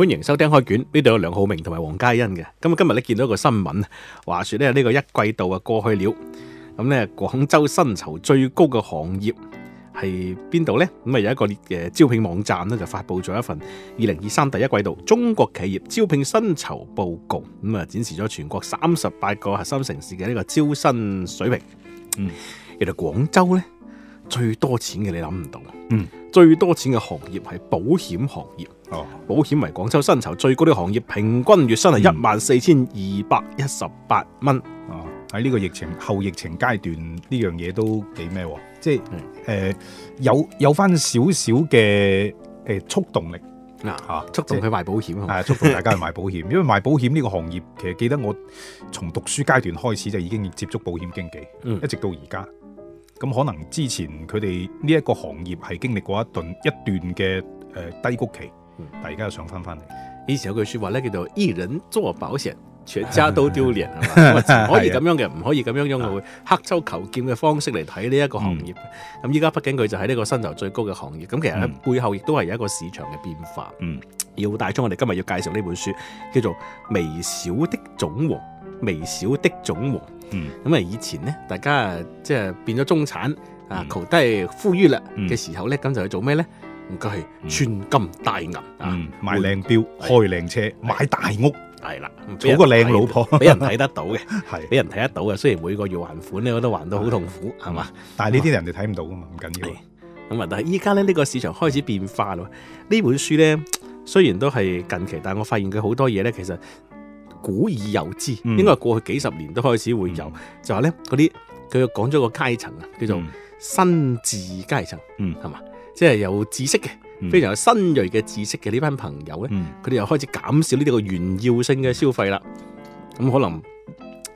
歡迎收聽開卷，呢度有梁浩明同埋黃嘉欣嘅。咁啊，今日咧見到一個新聞，話說咧呢個一季度啊過去了，咁咧廣州薪酬最高嘅行業係邊度呢？咁啊有一個誒招聘網站咧就發布咗一份二零二三第一季度中國企業招聘薪酬報告，咁啊展示咗全國三十八個核心城市嘅呢個招薪水平。嗯，其實廣州呢，最多錢嘅你諗唔到，嗯，最多錢嘅行業係保險行業。哦，保險為廣州薪酬最高的行業，平均月薪係一萬四千二百一十八蚊。哦，喺呢個疫情後疫情階段，呢樣嘢都幾咩？即係誒、嗯呃、有有翻少少嘅誒促動力嗱嚇，促、啊啊、動去賣保險啊，促動大家去賣保險。 因為賣保險呢個行業，其實記得我從讀書階段開始就已經接觸保險經紀，嗯、一直到而家。咁可能之前佢哋呢一個行業係經歷過一段一段嘅誒、呃、低谷期。但而家又上翻翻嚟。以前有句說話咧，叫做一人做保險，全家都丟臉。 可以咁樣嘅，唔可以咁樣樣嘅，用個刻舟求劍嘅方式嚟睇呢一個行業。咁依家畢竟佢就喺呢個薪酬最高嘅行業。咁其實咧背後亦都係有一個市場嘅變化。嗯。要帶出我哋今日要介紹呢本書，叫做《微小的總和》。微小的總和。嗯。咁啊，以前呢，大家啊，即係變咗中產啊，求低富裕啦嘅時候咧，咁、嗯、就去做咩咧？佢係穿金戴銀，嗯，啊、買靚錶，開靚車，買大屋，係啦，娶個靚老婆，俾人睇得到嘅，係俾人睇得到嘅。雖然每個月還款咧，我都還到好痛苦，係嘛，嗯。但係呢啲人哋睇唔到噶嘛，唔緊要。咁、嗯、啊、嗯，但係依家咧呢、這個市場開始變化咯。呢、嗯、本書咧雖然都係近期，但我發現佢好多嘢咧，其實古已有之。嗯、應該過去幾十年都開始會有，嗯、就話咧嗰啲佢講咗個階層啊，叫做新智階層，嗯，係嘛？嗯即係有知識嘅，非常有新銳嘅知識嘅呢、嗯、班朋友咧，佢、嗯、哋又開始減少呢啲個炫耀性嘅消費啦。咁可能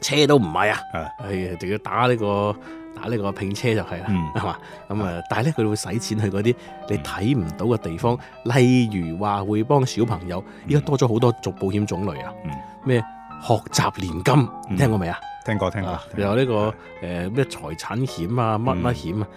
車都唔係啊，係、啊、仲、哎、要打呢、這個打呢個拼車就係啦，係嘛？咁啊，嗯、但係咧佢會使錢去嗰啲你睇唔到嘅地方，嗯、例如話會幫小朋友，依、嗯、家多咗好多種保險種類啊，咩、嗯、學習年金、嗯、聽過未啊？聽過聽過，有呢個誒咩財產險啊乜乜險啊？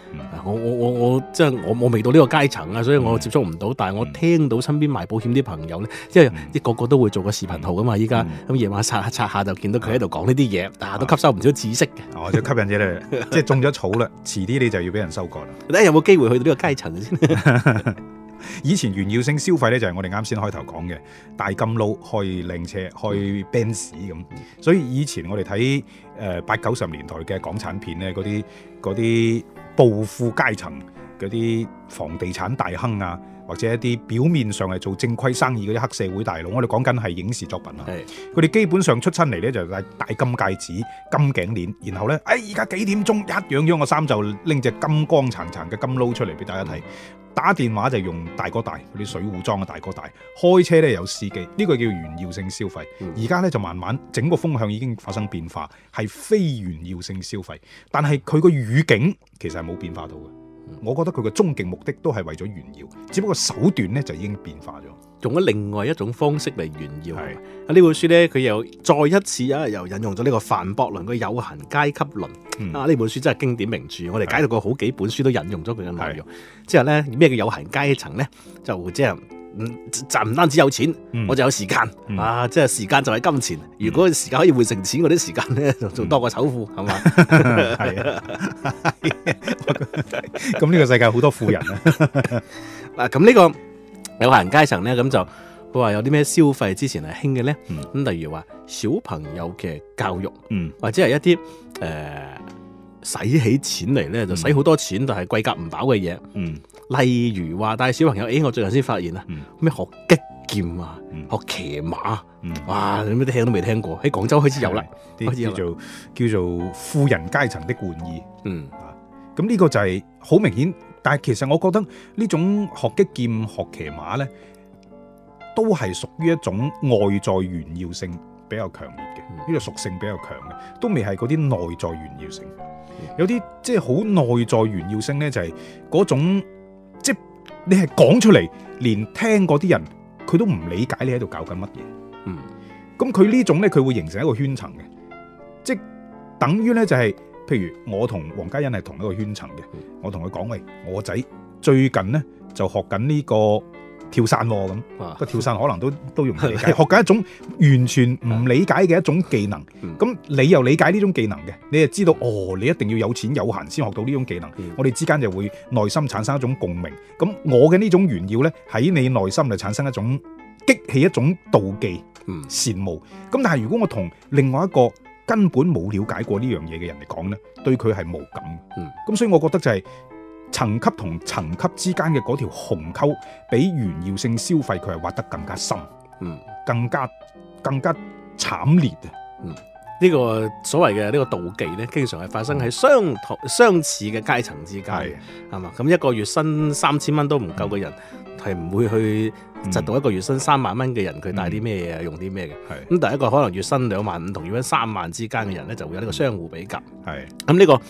我我我我即係我我未到呢個階層啊，所以我接觸唔到。嗯、但係我聽到身邊賣保險啲朋友咧，即係一個個都會做個視頻號噶嘛。依家咁夜晚刷下刷下就見到佢喺度講呢啲嘢，啊都吸收唔少知識嘅、啊。就、哦、吸引咗你，即 係中咗草啦。遲啲你就要俾人收割啦。睇下有冇機會去到呢個階層先。 以前炫耀性消費咧，就係我哋啱先開頭講嘅，大金勞開靚車開 Benz 咁。所以以前我哋睇誒八九十年代嘅港產片咧，嗰啲嗰啲暴富階層嗰啲房地產大亨啊，或者一啲表面上係做正規生意嗰啲黑社會大佬，我哋講緊係影視作品啊。佢哋基本上出親嚟咧，就戴大金戒指、金頸鏈，然後咧，哎，而家幾點鐘，一樣樣個衫就拎隻金光燦燦嘅金勞出嚟俾大家睇。打電話就用大哥大嗰啲水壺裝嘅大哥大，開車咧有司機，呢個叫炫耀性消費。而家咧就慢慢整個風向已經發生變化，係非炫耀性消費，但係佢個語境其實係冇變化到嘅。我覺得佢嘅終極目的都係為咗炫耀，只不過手段咧就已經變化咗。用咗另外一種方式嚟炫耀。啊，呢本書咧，佢又再一次啊，又引用咗呢個范博倫嘅有閒階級論。嗯、啊，呢本書真係經典名著。我哋解讀過好幾本書都引用咗佢嘅內容。之後咧，咩叫有閒階層咧？就即係唔就唔、是嗯、單止有錢、嗯，我就有時間、嗯、啊！即係時間就係金錢。如果時間可以換成錢，我啲時間咧就仲多過首富，係、嗯、嘛？係啊。咁呢個世界好多富人啊。嗱，咁呢個。有閒人階層咧，咁就佢話有啲咩消費之前係興嘅咧，咁、嗯、例如話小朋友嘅教育，嗯、或者係一啲誒使起錢嚟咧就使好多錢，嗯、但係貴格唔飽嘅嘢、嗯，例如話帶小朋友，誒我最近先發現啊，咩、嗯、學擊劍啊，嗯、學騎馬，嗯、哇你咩聽都未聽過，喺廣州開始有啦，啲叫做開始叫做富人階層的玩意，咁、嗯、呢、啊、個就係好明顯。但係其實我覺得呢種學擊劍、學騎馬咧，都係屬於一種外在炫耀性比較強烈嘅，呢個屬性比較強嘅，都未係嗰啲內在炫耀性。有啲即係好內在炫耀性咧，就係、是、嗰種，即、就是、你係講出嚟，連聽嗰啲人佢都唔理解你喺度搞緊乜嘢。嗯，咁佢呢種咧，佢會形成一個圈層嘅，即、就是、等於咧就係、是。譬如我同王家欣係同一個圈層嘅，我同佢講，喂，我仔最近呢就學緊呢個跳傘喎，咁個跳傘可能都都用唔理解， 學緊一種完全唔理解嘅一種技能。咁 你又理解呢種技能嘅，你就知道哦，你一定要有錢有閒先學到呢種技能。 我哋之間就會內心產生一種共鳴。咁我嘅呢種炫耀呢，喺你內心就產生一種激起一種妒忌、羨 慕。咁但係如果我同另外一個，根本冇了解過呢樣嘢嘅人嚟講呢，對佢係冇感。嗯，咁所以我覺得就係、是、層級同層級之間嘅嗰條鴻溝，比炫耀性消費佢係挖得更加深，嗯，更加更加慘烈啊。嗯，呢、這個所謂嘅呢個妒忌呢，經常係發生喺相同相似嘅階層之間。係，係嘛？咁一個月薪三千蚊都唔夠嘅人，係唔會去窒到一個月薪三萬蚊嘅人，佢帶啲咩啊？用啲咩嘅？係咁，第一個可能月薪兩萬五同月薪三萬之間嘅人咧，就會有呢個相互比較。係咁呢個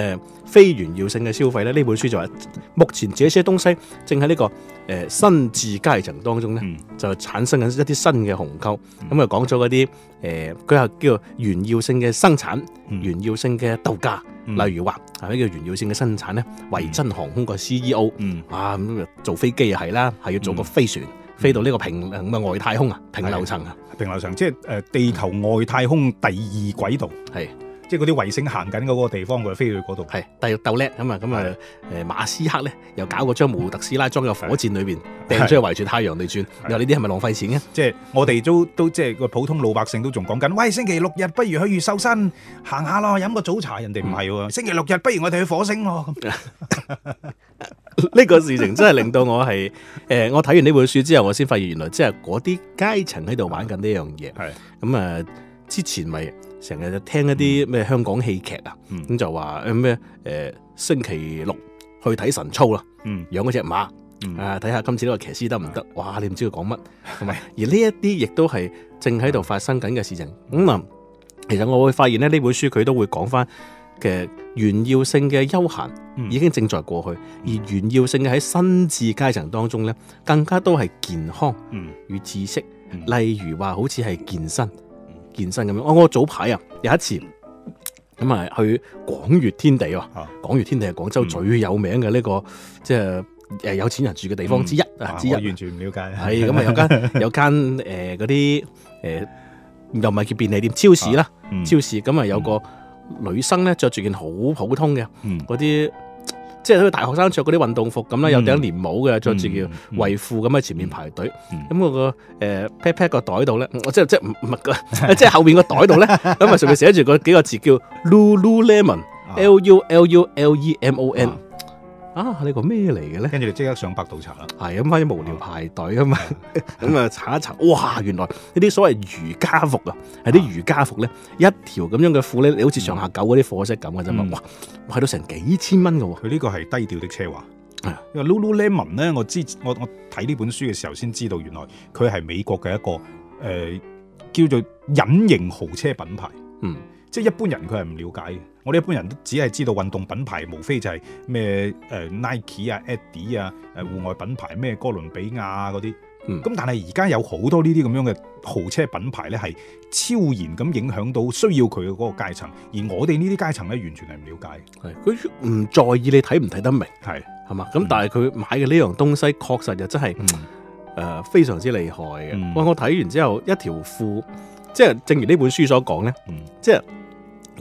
誒非炫耀性嘅消費咧，呢本書就係目前這些東西正喺呢個誒新智階層當中咧，就產生緊一啲新嘅鴻溝。咁又講咗嗰啲誒，佢係叫做「炫耀性嘅生產，炫耀性嘅度假。嗯、例如話，啊呢個圓繞性嘅生產咧，維珍航空個 CEO，、嗯、啊咁做飛機又係啦，係要做個飛船、嗯、飛到呢個平、呃、外太空啊，平流層啊，平流層即係誒地球外太空第二軌道係。嗯即係嗰啲衛星行緊嗰個地方，佢飛去嗰度。係，但係鬥叻咁啊，咁啊，誒馬斯克咧，又搞個張模特斯拉裝入火箭裏邊，掟出去圍住太陽地轉。是你話呢啲係咪浪費錢嘅？即係我哋都都即係個普通老百姓都仲講緊，喂星期六日不如去越秀山行下咯，飲個早茶。人哋唔係喎，星期六日不如我哋去火星咯。呢 個事情真係令到我係誒、呃，我睇完呢本書之後，我先發現原來即係嗰啲階層喺度玩緊呢樣嘢。係咁啊，之前咪、就是。成日就聽一啲咩香港戲劇啊，咁、嗯、就話咩、呃、星期六去睇晨操啦、嗯，養嗰隻馬啊，睇、嗯、下、呃、今次呢個騎師得唔得？哇！你唔知佢講乜、嗯，而呢一啲亦都係正喺度發生緊嘅事情。咁、嗯、啊、嗯，其實我會發現咧，呢本書佢都會講翻嘅炫耀性嘅休閒已經正在過去，嗯、而炫耀性嘅喺新智階層當中咧，更加都係健康與知識，嗯嗯、例如話好似係健身。健身咁樣、哦，我我早排啊，有一次咁啊去廣粵天地喎，廣粵天地係廣州最有名嘅呢、這個即係誒有錢人住嘅地方之一、嗯、啊，之一完全唔了解。係咁啊，有間 有間誒嗰啲誒又唔係叫便利店超市啦，超市咁啊、嗯、市有個女生呢、嗯、着住件好普通嘅嗰啲。嗯即係啲大學生着嗰啲運動服咁啦，有頂連帽嘅，着住叫衛褲咁喺前面排隊。咁、嗯、我、嗯嗯嗯那個 pat pat 個袋度咧、嗯嗯，即係即係唔係即係後面個袋度咧，咁 啊上面寫住個幾個字叫 Lululemon，L、啊、U L U L E M O N、啊。啊！這什麼來的，呢個咩嚟嘅咧？跟住就即刻上百度查啦。係咁可以無聊排隊啊嘛。咁、嗯、啊、 嗯，查一查，哇！原來呢啲所謂瑜伽服啊，係啲瑜伽服咧，一條咁樣嘅褲咧，你好似上下九嗰啲貨色咁嘅啫嘛。哇！買到成幾千蚊㗎喎。佢、嗯、呢個係低調的奢華。啊，Lululemon 咧，我知我我睇呢本書嘅時候先知道，原來佢係美國嘅一個誒、呃、叫做隱形豪車品牌。嗯。即係一般人佢係唔了解嘅，我哋一般人都只係知道運動品牌，無非就係咩誒 Nike 啊、Adidas 啊、誒戶外品牌咩哥倫比亞嗰啲。咁、嗯、但係而家有好多呢啲咁樣嘅豪車品牌咧，係超然咁影響到需要佢嘅嗰個階層，而我哋呢啲階層咧，完全係唔了解。佢唔在意你睇唔睇得明，係係嘛？咁但係佢買嘅呢樣東西確實就真係誒、嗯呃、非常之厲害嘅、嗯。哇！我睇完之後一條褲，即係正如呢本書所講咧、嗯，即係。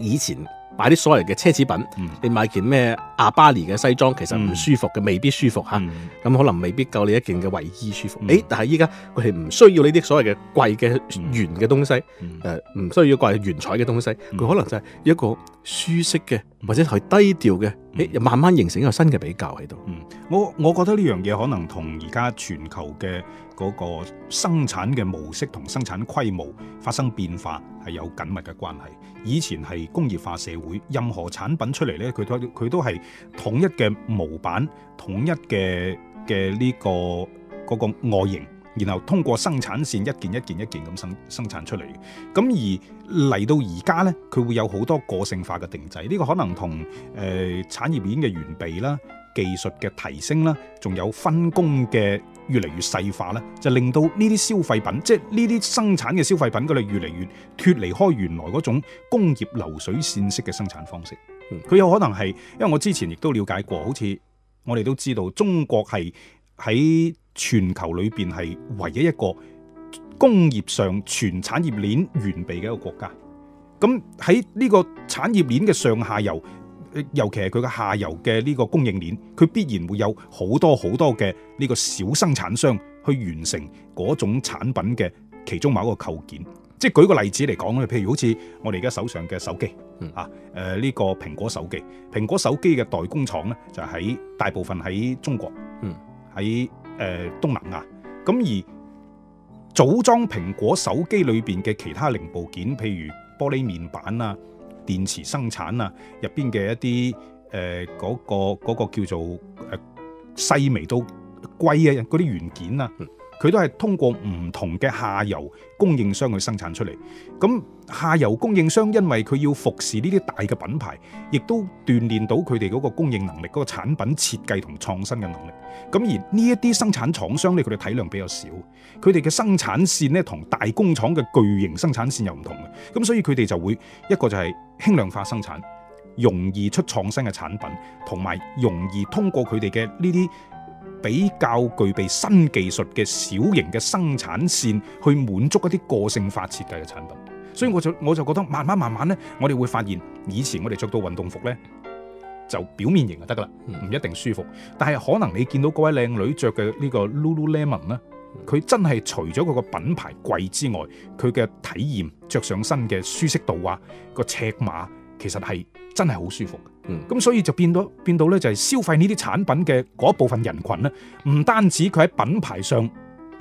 以前買啲所謂嘅奢侈品，嗯、你買件咩？阿巴尼嘅西裝其實唔舒服嘅、嗯，未必舒服吓。咁、嗯啊、可能未必夠你一件嘅衞衣舒服。誒、嗯，但係依家佢係唔需要呢啲所謂嘅貴嘅、原、嗯、嘅東西，誒、嗯、唔、呃、需要貴嘅原彩嘅東西。佢、嗯、可能就係一個舒適嘅、嗯，或者係低調嘅。誒、嗯，慢慢形成一個新嘅比較喺度。嗯，我我覺得呢樣嘢可能同而家全球嘅嗰個生產嘅模式同生產規模發生變化係有緊密嘅關係。以前係工業化社會，任何產品出嚟咧，佢都佢都係。統一嘅模板，統一嘅嘅呢個嗰個外形，然後通過生產線一件一件一件咁生生產出嚟。咁而嚟到而家呢，佢會有好多個性化嘅定製。呢、這個可能同誒、呃、產業鏈嘅完備啦、技術嘅提升啦，仲有分工嘅越嚟越細化啦，就令到呢啲消費品，即係呢啲生產嘅消費品，佢哋越嚟越脫離開原來嗰種工業流水線式嘅生產方式。佢有可能係，因為我之前亦都了解過，好似我哋都知道，中國係喺全球裏邊係唯一一個工業上全產業鏈完備嘅一個國家。咁喺呢個產業鏈嘅上下游，尤其係佢嘅下游嘅呢個供應鏈，佢必然會有好多好多嘅呢個小生產商去完成嗰種產品嘅其中某一個構件。即係舉個例子嚟講，譬如好似我哋而家手上嘅手機，啊、嗯，誒、呃、呢、這個蘋果手機，蘋果手機嘅代工廠咧就喺大部分喺中國，喺、嗯、誒、呃、東南亞。咁而組裝蘋果手機裏邊嘅其他零部件，譬如玻璃面板啊、電池生產啊，入邊嘅一啲誒嗰個叫做誒細、呃、微到貴啊嗰啲元件啊。嗯。佢都係通過唔同嘅下游供應商去生產出嚟。咁下游供應商因為佢要服侍呢啲大嘅品牌，亦都鍛鍊到佢哋嗰個供應能力、嗰個產品設計同創新嘅能力。咁而呢一啲生產廠商咧，佢哋體量比較少，佢哋嘅生產線咧，同大工廠嘅巨型生產線又唔同嘅。咁所以佢哋就會一個就係輕量化生產，容易出創新嘅產品，同埋容易通過佢哋嘅呢啲，比較具備新技術嘅小型嘅生產線，去滿足一啲個性化設計嘅產品，所以我就我就覺得，慢慢慢慢咧，我哋會發現，以前我哋着到運動服咧，就表面型就得噶啦，唔一定舒服，但係可能你見到嗰位靚女着嘅呢個 Lululemon 咧，佢真係除咗佢個品牌貴之外，佢嘅體驗着上身嘅舒適度啊，個尺碼其實係真係好舒服。咁、嗯、所以就變到變到咧，就係消費呢啲產品嘅嗰部分人群呢，唔單止佢喺品牌上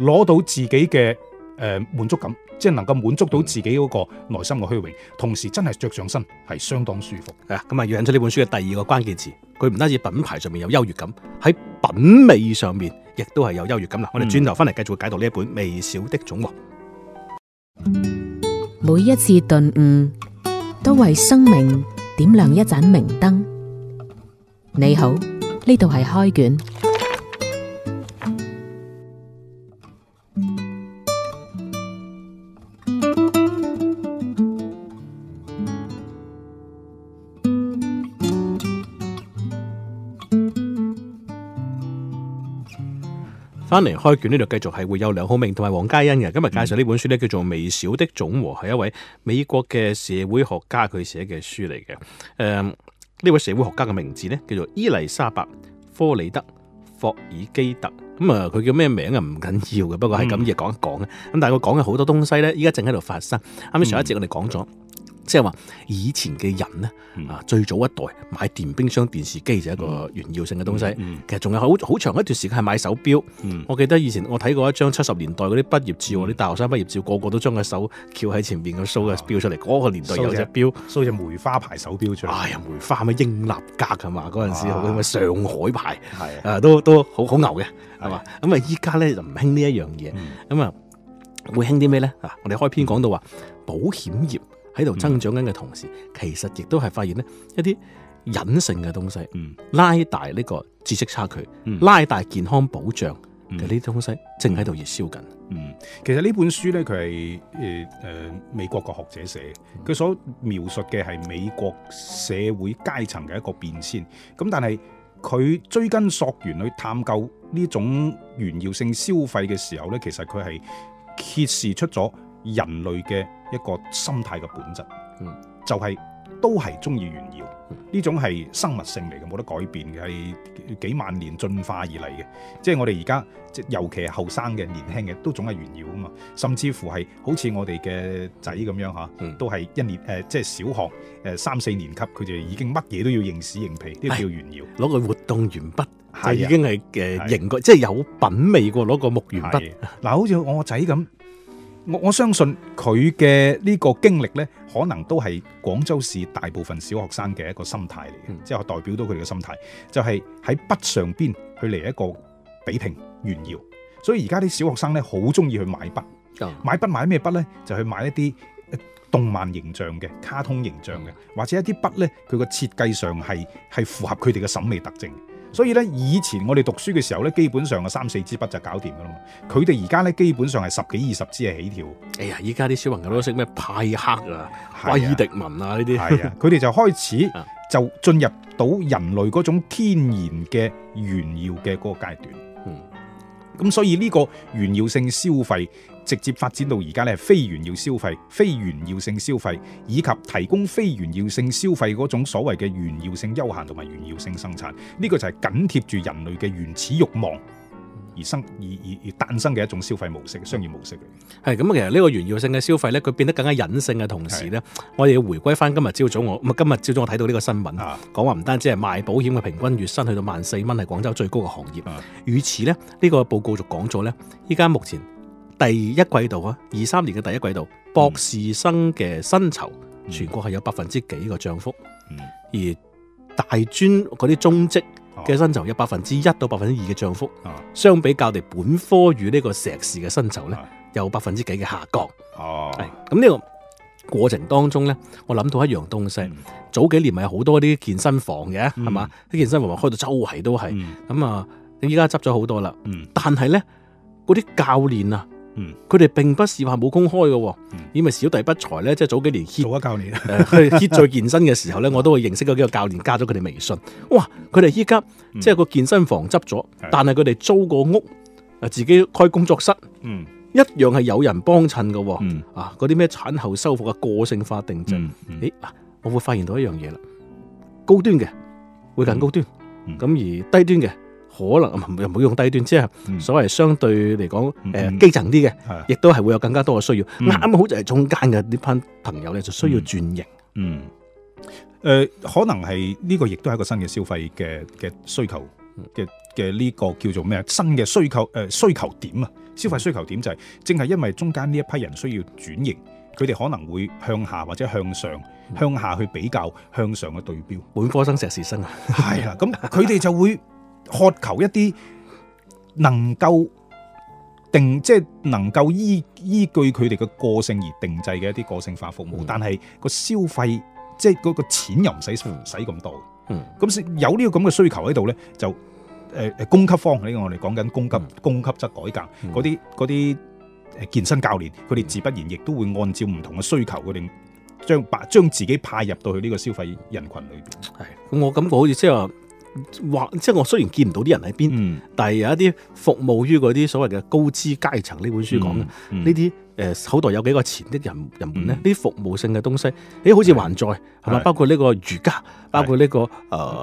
攞到自己嘅誒滿足感，即係能夠滿足到自己嗰個內心嘅虛榮，同時真係着上身係相當舒服。啊，咁啊要引出呢本書嘅第二個關鍵詞，佢唔單止品牌上面有優越感，喺品味上面亦都係有優越感啦。我哋轉頭翻嚟繼續解讀呢一本微小的總和。嗯、每一次頓悟，都為生命。點亮一盞明燈。你好，呢度係開卷。翻嚟開卷呢度繼續係會有梁浩明同埋王嘉欣嘅，今日介紹呢本書呢，叫做《微小的總和》，係一位美國嘅社會學家佢寫嘅書嚟嘅。誒、嗯，呢位社會學家嘅名字呢，叫做伊麗莎白·科里德·霍爾基特。咁、嗯、啊，佢叫咩名啊？唔緊要嘅，不過係咁嘢講一講嘅。咁、嗯、但係佢講嘅好多東西呢，依家正喺度發生。啱先上一節我哋講咗。即係話以前嘅人呢，啊，最早一代買電冰箱、電視機就係一個炫耀性嘅東西。其實仲有好好長一段時間係買手錶。我記得以前我睇過一張七十年代嗰啲畢業照，啲大學生畢業照個個都將個手翹喺前邊，個數嘅錶出嚟。嗰個年代有隻錶，收隻梅花牌手錶出嚟。哎呀，梅花咩？英立格係嘛？嗰陣時好咩？上海牌，啊，都都好好牛嘅，係嘛？咁啊，依家呢，就唔興呢一樣嘢。咁啊，會興啲咩呢？我哋開篇講到話保險業。喺度增長緊嘅同時，嗯、其實亦都係發現咧一啲隱性嘅東西，嗯、拉大呢個知識差距、嗯，拉大健康保障嘅呢啲東西，嗯、正喺度熱銷緊、嗯。其實呢本書咧，佢係誒誒美國個學者寫，佢、嗯、所描述嘅係美國社會階層嘅一個變遷。咁但係佢追根溯源去探究呢種炫耀性消費嘅時候咧，其實佢係揭示出咗人類嘅一個心態嘅本質，就係、是、都係中意炫耀，呢種係生物性嚟嘅，冇得改變嘅，係幾萬年進化而嚟嘅。即係我哋而家，即尤其係後生嘅、年輕嘅，都總係炫耀啊嘛。甚至乎係好似我哋嘅仔咁樣吓，都係一年誒，即、就、係、是、小學誒三四年級，佢就已經乜嘢都要認屎認屁，呢、這、啲、個、叫炫耀。攞、哎、個活動鉛筆、啊、就已經係嘅，認、啊啊、即係有品味過攞個木鉛筆。嗱、啊，好似我仔咁。 我我相信佢嘅呢個經歷呢，可能都係廣州市大部分小學生嘅一個心態嚟嘅、嗯，即係我代表到佢哋嘅心態，就係、是、喺筆上邊去嚟一個比拼炫耀。所以而家啲小學生呢，好中意去買筆，嗯、買筆買咩筆呢？就去買一啲動漫形象嘅卡通形象嘅、嗯，或者一啲筆呢。佢個設計上係係符合佢哋嘅審美特徵。所以咧，以前我哋讀書嘅時候咧，基本上啊三四支筆就搞掂噶啦嘛。佢哋而家咧，基本上係十幾二十支係起跳。哎呀，依家啲小朋友都識咩派克啊、啊、威爾迪文啊呢啲，佢哋、啊、就開始就進入到人類嗰種天然嘅炫耀嘅嗰個階段。咁所以呢個炫耀性消費直接發展到而家咧係非炫耀消費、非炫耀性消費，以及提供非炫耀性消費嗰種所謂嘅炫耀性休閒同埋炫耀性生產，呢個就係緊貼住人類嘅原始慾望。而生而而而誕生嘅一種消費模式、商業模式嚟嘅。係咁。其實呢個炫耀性嘅消費咧，佢變得更加隱性嘅同時咧，我哋要回歸翻今日朝早我今日朝早我睇到呢個新聞，講話，唔單止係賣保險嘅平均月薪去到萬四蚊係廣州最高嘅行業。與此咧，呢、這個報告就講咗咧，依家目前第一季度啊，二三年嘅第一季度博士生嘅薪酬、嗯、全國係有百分之幾嘅漲幅、嗯，而大專嗰啲中職。嘅薪酬有百分之一到百分之二嘅漲幅、啊，相比較嚟本科與呢個碩士嘅薪酬咧、啊，有百分之幾嘅下降。哦、啊，係咁呢個過程當中咧，我諗到一樣東西。早、嗯、幾年咪有好多啲健身房嘅，係、嗯、嘛？啲健身房咪開到周圍都係。咁、嗯、啊，你依家執咗好多啦、嗯。但係咧，嗰啲教練啊～嗯，佢哋並不是話冇公開嘅、嗯，因為小弟不才咧，即係早幾年協做啊教練，協、呃、在健身嘅時候咧， 我都會認識嗰幾個教練，加咗佢哋微信。哇，佢哋依家即係個健身房執咗、嗯，但係佢哋租個屋啊，自己開工作室，嗯，一樣係有人幫襯嘅。啊，嗰啲咩產後修復啊，個性化定製、嗯嗯，咦，我會發現到一樣嘢啦，高端嘅會更高端，咁、嗯嗯、而低端嘅。可能唔唔好用低端，即係所謂相對嚟講，誒、呃、基層啲嘅，亦都係會有更加多嘅需要。啱、嗯、好就係中間嘅呢班朋友咧，就需要轉型。嗯，誒、嗯呃，可能係呢個亦都係一個新嘅消費嘅嘅需求嘅嘅呢個叫做咩？新嘅需求誒、呃、需求點啊？消費需求點就係、是、正係因為中間呢一批人需要轉型，佢哋可能會向下或者向上向下去比較向上嘅對標，本科生、生、碩士生啊，係啊，咁佢哋就會。 渴求一啲能夠定即係、就是、能夠依依據佢哋嘅個性而定制嘅一啲個性化服務，嗯、但係個消費即係嗰個錢又唔使唔使咁多。嗯，咁有呢個咁嘅需求喺度咧，就誒誒、呃、供給方呢，這個、我哋講緊供給供給質改革，嗰啲嗰啲誒健身教練，佢、嗯、哋自不然亦都會按照唔同嘅需求，佢、嗯、哋將把將自己派入到去呢個消費人群裏邊。係，咁我感覺好似即係話。或即係我雖然見唔到啲人喺邊、嗯，但係有一啲服務於嗰啲所謂嘅高資階層，呢本書講嘅呢啲誒，口袋有幾個錢的人人們咧，啲、嗯、服務性嘅東西，誒好似還在係嘛？包括呢個瑜伽，包括呢、這個誒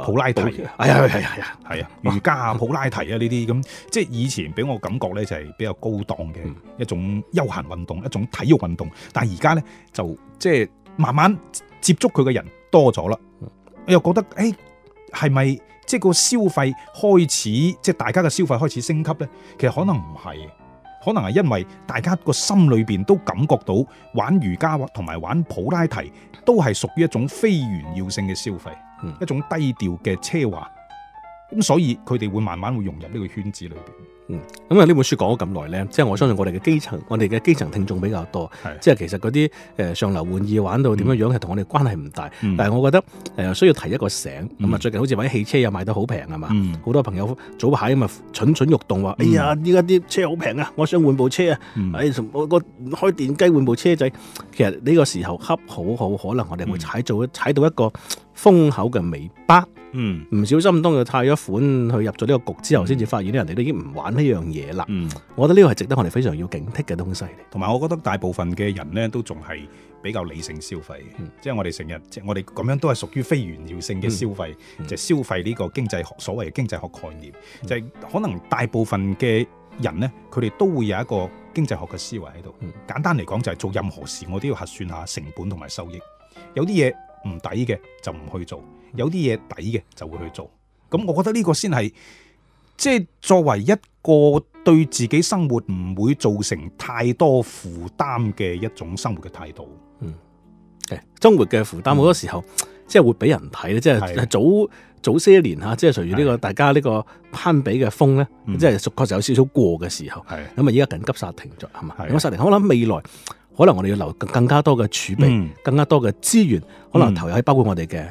普拉提，係啊係啊係啊瑜伽普拉提、哎、呀普拉提啊呢啲咁，即係以前俾我感覺咧就係比較高檔嘅一種休閒運動、嗯，一種體育運動，但係而家咧就即係慢慢接觸佢嘅人多咗啦，我、嗯、又覺得誒。欸係咪即係個消費開始即係大家嘅消費開始升級呢？其實可能唔係，可能係因為大家個心裏邊都感覺到玩瑜伽同埋玩普拉提都係屬於一種非炫耀性嘅消費，嗯，一種低調嘅奢華。咁所以佢哋會慢慢會融入呢個圈子裏邊。嗯，咁啊呢本書講咗咁耐咧，即係我相信我哋嘅基層，我哋嘅基層聽眾比較多。即係其實嗰啲誒上流玩意玩到點樣樣，係、嗯、同我哋關係唔大。嗯、但係我覺得誒需要提一個醒。咁、嗯、啊，最近好似買汽車又賣得好平吖嘛？好、嗯、多朋友早排咁啊蠢蠢欲動話、嗯：，哎呀，依家啲車好平啊，我想換部車啊。我、嗯、個、哎、開電雞換部車仔、嗯，其實呢個時候恰好好，可能我哋會踩到踩到一個風口嘅尾巴。嗯，唔小心當佢貸咗款去入咗呢個局之後，先、嗯、至發現啲人哋都已經唔玩呢樣嘢啦。嗯，我覺得呢個係值得我哋非常要警惕嘅東西。同埋，我覺得大部分嘅人呢都仲係比較理性消費，即係我哋成日即係我哋咁樣都係屬於非炫耀性嘅消費、嗯嗯，就係、是、消費呢個經濟學所謂嘅經濟學概念，嗯、就係、是、可能大部分嘅人呢，佢哋都會有一個經濟學嘅思維喺度。簡單嚟講，就係做任何事我都要核算下成本同埋收益，有啲嘢唔抵嘅就唔去做。有啲嘢抵嘅就會去做，咁我覺得呢個先係即係作為一個對自己生活唔會造成太多負擔嘅一種生活嘅態度。嗯，誒，生活嘅負擔好多時候即係會俾人睇咧，即係早早些年嚇，即係隨住呢個大家呢個攀比嘅風咧，即係確實有少少過嘅時候。係咁啊！依家緊急剎停咗，係嘛？緊急剎停。我諗未來可能我哋要留更更加多嘅儲備，更加多嘅、嗯、資源、嗯，可能投入喺包括我哋嘅。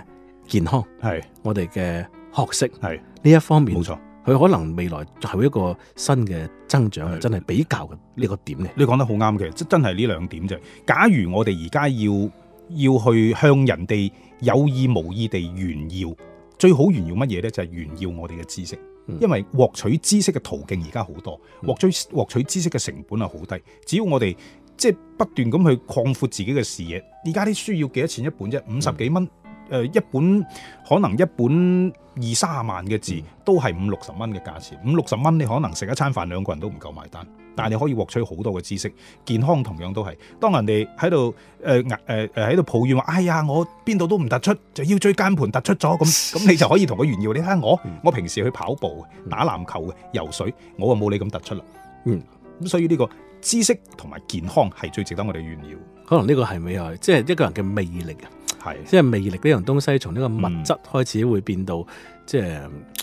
健康係我哋嘅、學識係呢一方面冇錯，佢可能未來係一個新嘅增長，係真係比較嘅呢個點咧。你講得好啱嘅，即真係呢兩點啫。假如我哋而家要要去向人哋有意無意地炫耀，最好炫耀乜嘢咧？就係、是、炫耀我哋嘅知識，嗯、因為獲取知識嘅途徑而家好多，獲取獲取知識嘅成本啊好低、嗯。只要我哋即係不斷咁去擴闊自己嘅視野，而家啲書要幾多錢一本啫？五十幾蚊。誒一本可能一本二三十萬嘅字都係五六十蚊嘅價錢，五六十蚊你可能食一餐飯兩個人都唔夠買單，但係你可以獲取好多嘅知識。健康同樣都係，當人哋喺度誒誒誒喺度抱怨話：哎呀，我邊度都唔突出，就腰椎間盤突出咗咁咁，你就可以同佢炫耀。你睇下我，我平時去跑步打籃球嘅、游水，我啊冇你咁突出啦。嗯，咁所以呢個知識同埋健康係最值得我哋炫耀。可能呢個係咪啊？即係一個人嘅魅力啊！係，即係魅力呢樣東西，從呢個物質開始會變到即係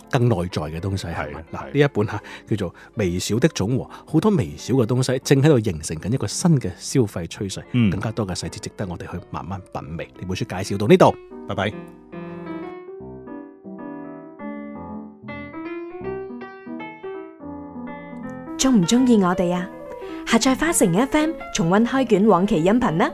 更內在嘅東西。係嗱，呢一本係叫做《微小的總和》，好多微小嘅東西正喺度形成緊一個新嘅消費趨勢，更加多嘅細節值得我哋去慢慢品味。你、嗯、本書介紹到呢度，拜拜。中唔中意我哋啊？下載花城 FM，重溫開卷往期音頻呢。